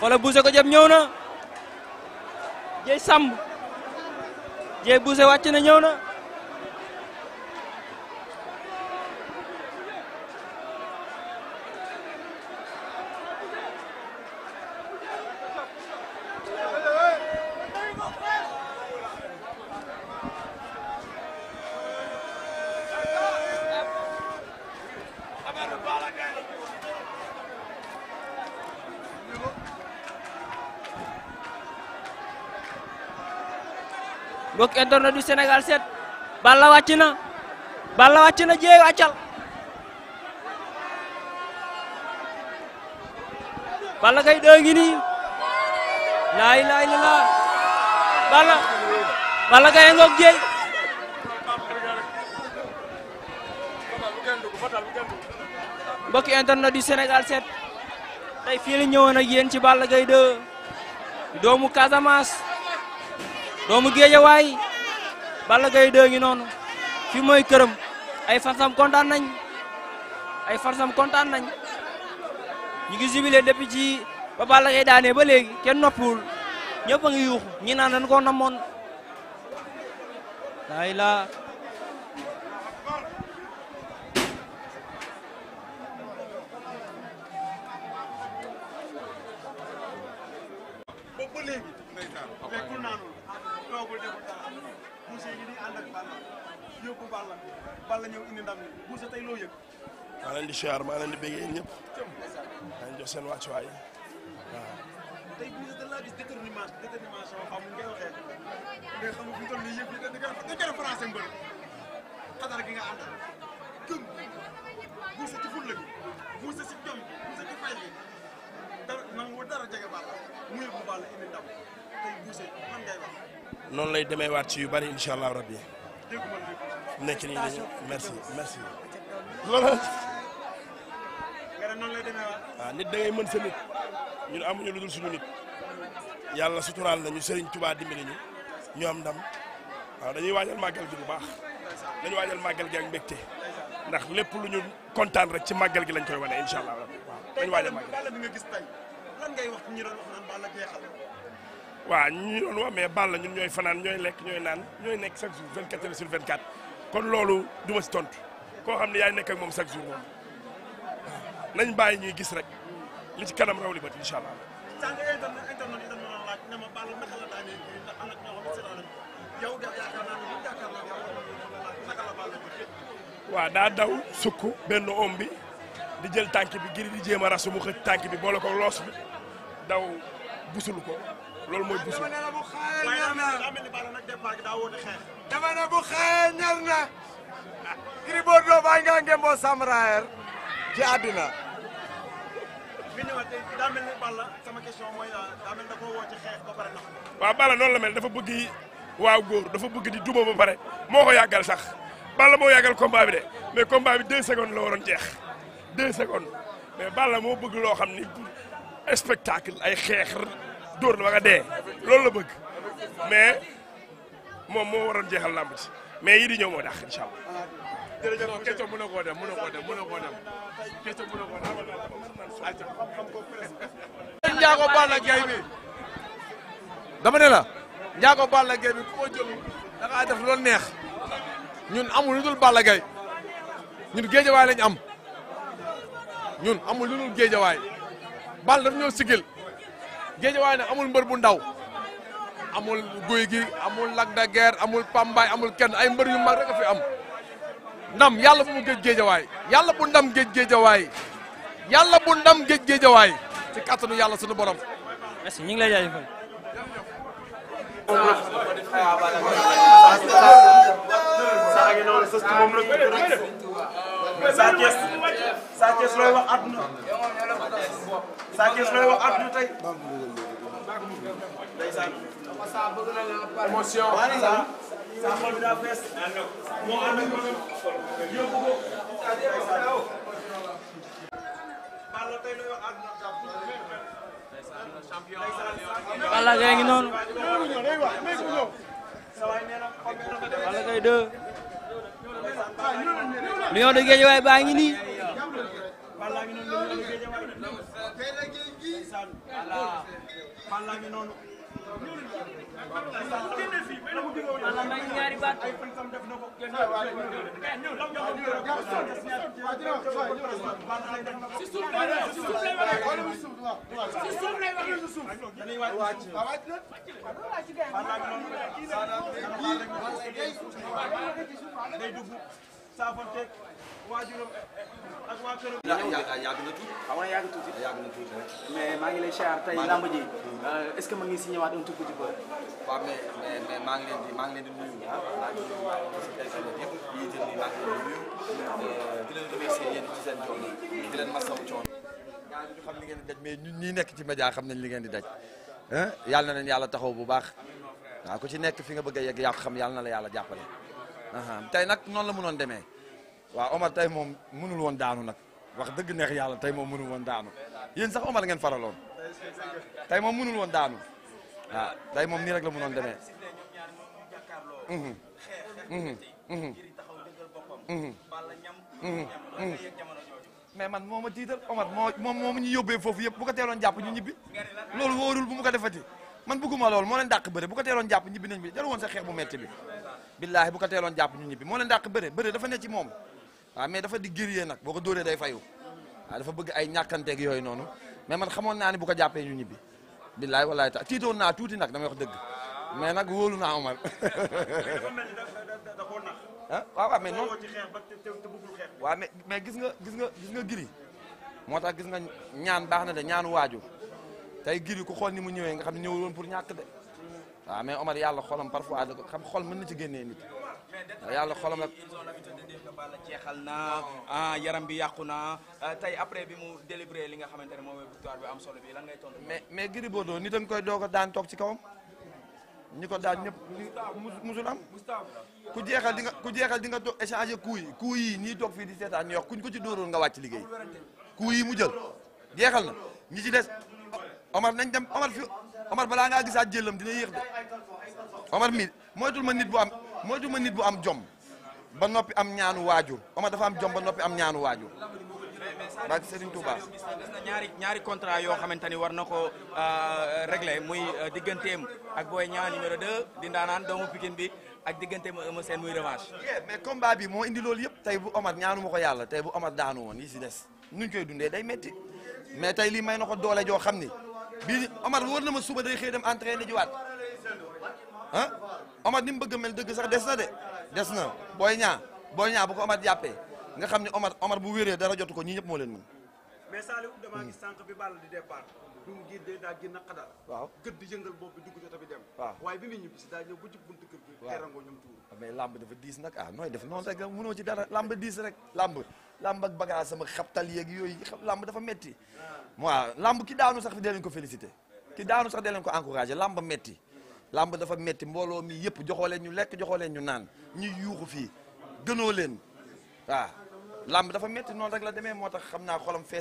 xoola buuse ko jëm ñëw na jéy sàmb jéy buuse wàcc ne ñëw na mbokk internet du Sénégal Balla wàcc na Balla wàcc na jéey wàccal Balla Gaye dee ngi nii laa Balla Balla Gaye ngoog jéey mbokki internet du Sénégal 7 tey fii la ñëwoon ak ci Balla Gaye 2 doomu Casamance doomu géejawaay Balla Gaye 2 ngi noonu fi mooy këram ay fansam kontaan nañ ay fansam kontaan nañ ñu ngi jubilé depuis ci ba Balla Gaye daanee ba léegi kenn noppiwul ñëpp a ngi yuuxu ñi naan dañ koo namoon laa lekkul naanul toogul deful dara Boucher nii ànd ak Balla yóbbu Balla Balla ñëw indi ndam li Boucher tey loo yëg maa leen di siyaar maa leen di béggee ñëpp maa jox seen wàccuwaay waaw tey Boucher dañ laa gis détermination détermination xam nga waxee nga xam fu ci fulla gi Boucher ci jom Boucher ci fay gi dara nangu dara jege Balla mu yóbbu Balla indi ndam noonu lay demee waat ci yu bari incha allah rabbi nekk nii dañu merci merci loolu waaw ah, nit da mën sa nit ñun amuñu lu dul suñu nit yàlla suturaal nañu Serigne Touba dimbali ñu ñu am ndam waaw dañuy waajal màggal gi bu baax dañu waajal màggal gi ak mbégte ndax lépp lu ñu kontaan rek ci màggal gi lañ koy wane incha allah dañu waajal màggal gis tey waaw ñu mais Balla ñun ñooy fanaan ñooy lekk ñooy naan ñooy nekk chaque jour 24 heures sur 24 kon loolu du ma si tontu koo xam ne yaay nekk moom chaque jour moom nañ bàyyi ñuy gis rek li ci kanam raw li bët incha ma laaj daa daw sukk benn oom di jël tànk bi ngir di jéem a rasu mu xëcc tànk bi boole ko loos daw busulu ko. loolu mooy bisu dama ne bu xaayee ñor na dama ne bu xaayee ñor na Gris baa ngaa ngemboo samraer ci àddina daa mel ni Balla sama question mooy daa mel da la mel dafa bëgg yi waaw góor dafa bëgg di duma ba pare moo ko yàggal sax Balla moo yàggal combat bi de mais combat bi deux secondes la waroon jeex deux secondes mais Balla moo bëgg loo xam ni spectacle ay xeex dóor la ba nga dee loolu la bëgg mais moom moo waroon jeexal làmb ci mais yi di ñëw moo dàq incha allah. jërëjëf non question mën na koo dem mën na koo dem mën na koo dem question mën na koo dem. Ndiago Balla Gaye bi dama ne la Ndiago Balla Gaye bi ku ko jël da ngaa def loolu neex ñun amul lu dul Balla Gaye ñun géejawaay lañ am ñun amul lu dul géejawaay Balla daf ñëw sigil. géejawaay ne amul mbër bu ndaw amul guy gi amul Lac de Guiers amul pambaay amul kenn ay mbër yu mag rek a fi am ndam yàlla bu mu géej géejawaay yàlla bu ndam géej géejawaay yàlla bu ndam géej géejawaay ci kàttanu yàlla sunu borom. ñu ngi lay jaajëfal. Sa Thiès Sa Thiès looy wax àdduna tey. sa sa ngi noonu. Balla Gaye 2. Lion de Guédiawaye baa ngi Falla ngi noonu. Falla may ñaari baat. si suuf lay wax si suuf lay wax si suuf lay wax si suuf. Falla ngi noonu. saafanteeg waajuram ak waa këram. yàgg na tuuti. Ah, maa ngi lay siyaar ngi euh, si maa ngi leen maa ngi leen maa ngi leen maa ngi leen di nuyu. Ah, leen remercier yéen ci yaa ngi xam li di daj mais ñun nekk ci média xam nañ li ngeen di daj. yàlla na leen yàlla taxaw bu baax. waaw ku ci nekk fi nga bëgg a yegg yaa xam yàlla na la yàlla jàppale tey nag noonu la mënoon demee waa Omar tey moom mënul woon daanu nag wax dëgg neex yàlla tey moom mënul woon daanu yéen sax Omar ngeen faraloon tey moom mënul woon daanu waaw ah, tey moom nii rek la mënoon demee. Mhm. Mhm. Mhm. mais man moo ma tiital Omar moo moom moo ñu yóbbee foofu yëpp bu ko teeloon jàpp ñu ñibbi loolu wóorul bu mu ko defati. man bëgguma loolu moo leen dàq bëre bu ko teeloon jàpp ñibbi nañ bi jaru woon sa xeex bu metti bi billaahi bu ko teeloon jàpp ñu ñibbi moo leen dàq bëre bëre dafa ne moom waaw mais dafa di guerrier nag boo ko dóoree day fayu waaw bëgg ay ñàkkanteeg yooyu noonu mais man xamoon naa ni bu ko jàppee ñu ñibbi billaahi wallaahi ta tiitoon naa tuuti nag damay wax dëgg mais nag wóolu naa Omar ah waaw waaw mais noonu waaw mais mais gis nga gis nga gis nga giri moo tax gis nga ñaan baax na de ñaanu waaju tey giri ku xool ni mu ñëwee nga xam ne ñëwul woon pour ñàkk de waaw mais Omar yàlla xolam parfois da ko xam xol mën na ci génnee nit yàlla xolam na ah yaram bi yàqu na ah, tey après bi mu délivré li nga xamante ne moom victoire am solo bi lan ngay tontu mais mais Gris Bordeaux nit a koy doog a daan toog ci kawam ñi ko daan ñëpp musul am ku jeexal di nga ku jeexal di nga toog échanger coups yi coups yi ñii toog fii di seetaan ñu wax kuñ ko ci dóoroon nga wàcc liggéey coups mu jël jeexal na ñi ci des Omar nañ dem Omar fi balaa ngaa gisaat jëlam dina yéex de Omar mi moytul ma nit bu am moytul ma nit bu am jom ba noppi am ñaanu waajur Omar dafa am jom noppi am ñaanu waajur. baag Serigne Touba ñaari ñaari contrat yoo xamante ni war na ko euh, régler muy euh, digganteem ak Boy Niang numéro 2 di ndaanaan doomu Pikine bi ak digganteem Eumeu Sène muy revanche. mais combat bi moo indi loolu yëpp tey bu Omar ñaanu ma ko yàlla tey bu Omar daanu woon yi si des nuñ koy dundee day métti mais tey lii may na ko doole joo xam ni. bii Omar wóor na ma suba day xëy dem entraîné jiwaat ah Omar ni mu bëgg mel dëgg sax des na de des na booy ñaa booy ñaa bu ko Omar jàppee nga xam ni Omar Omar bu wéree dara jotu ko ñii ñëpp moo leen mën. mais Saliou mu gis day daa génn xadar. waaw gëdd yëngal bopp bi dugg jota bi dem. waaye bi muy ñibbi si daa ñëw ba ci buntu ah, dafa diis nag ah nooy def noonu rek mënoo ci dara lamb diis rek lamb. làmb ak bagage sama xabtal yeeg yooyu làmb dafa metti waaw làmb ki daanu sax dee leen ko félicité ki daanu sax dee leen ko encouragé làmb metti làmb dafa metti mbooloo mi yëpp joxoo leen ñu lekk joxoo leen ñu naan ñuy yuuxu fii gënoo leen waaw làmb dafa metti noonu rek la demee moo tax xam naa xolam fees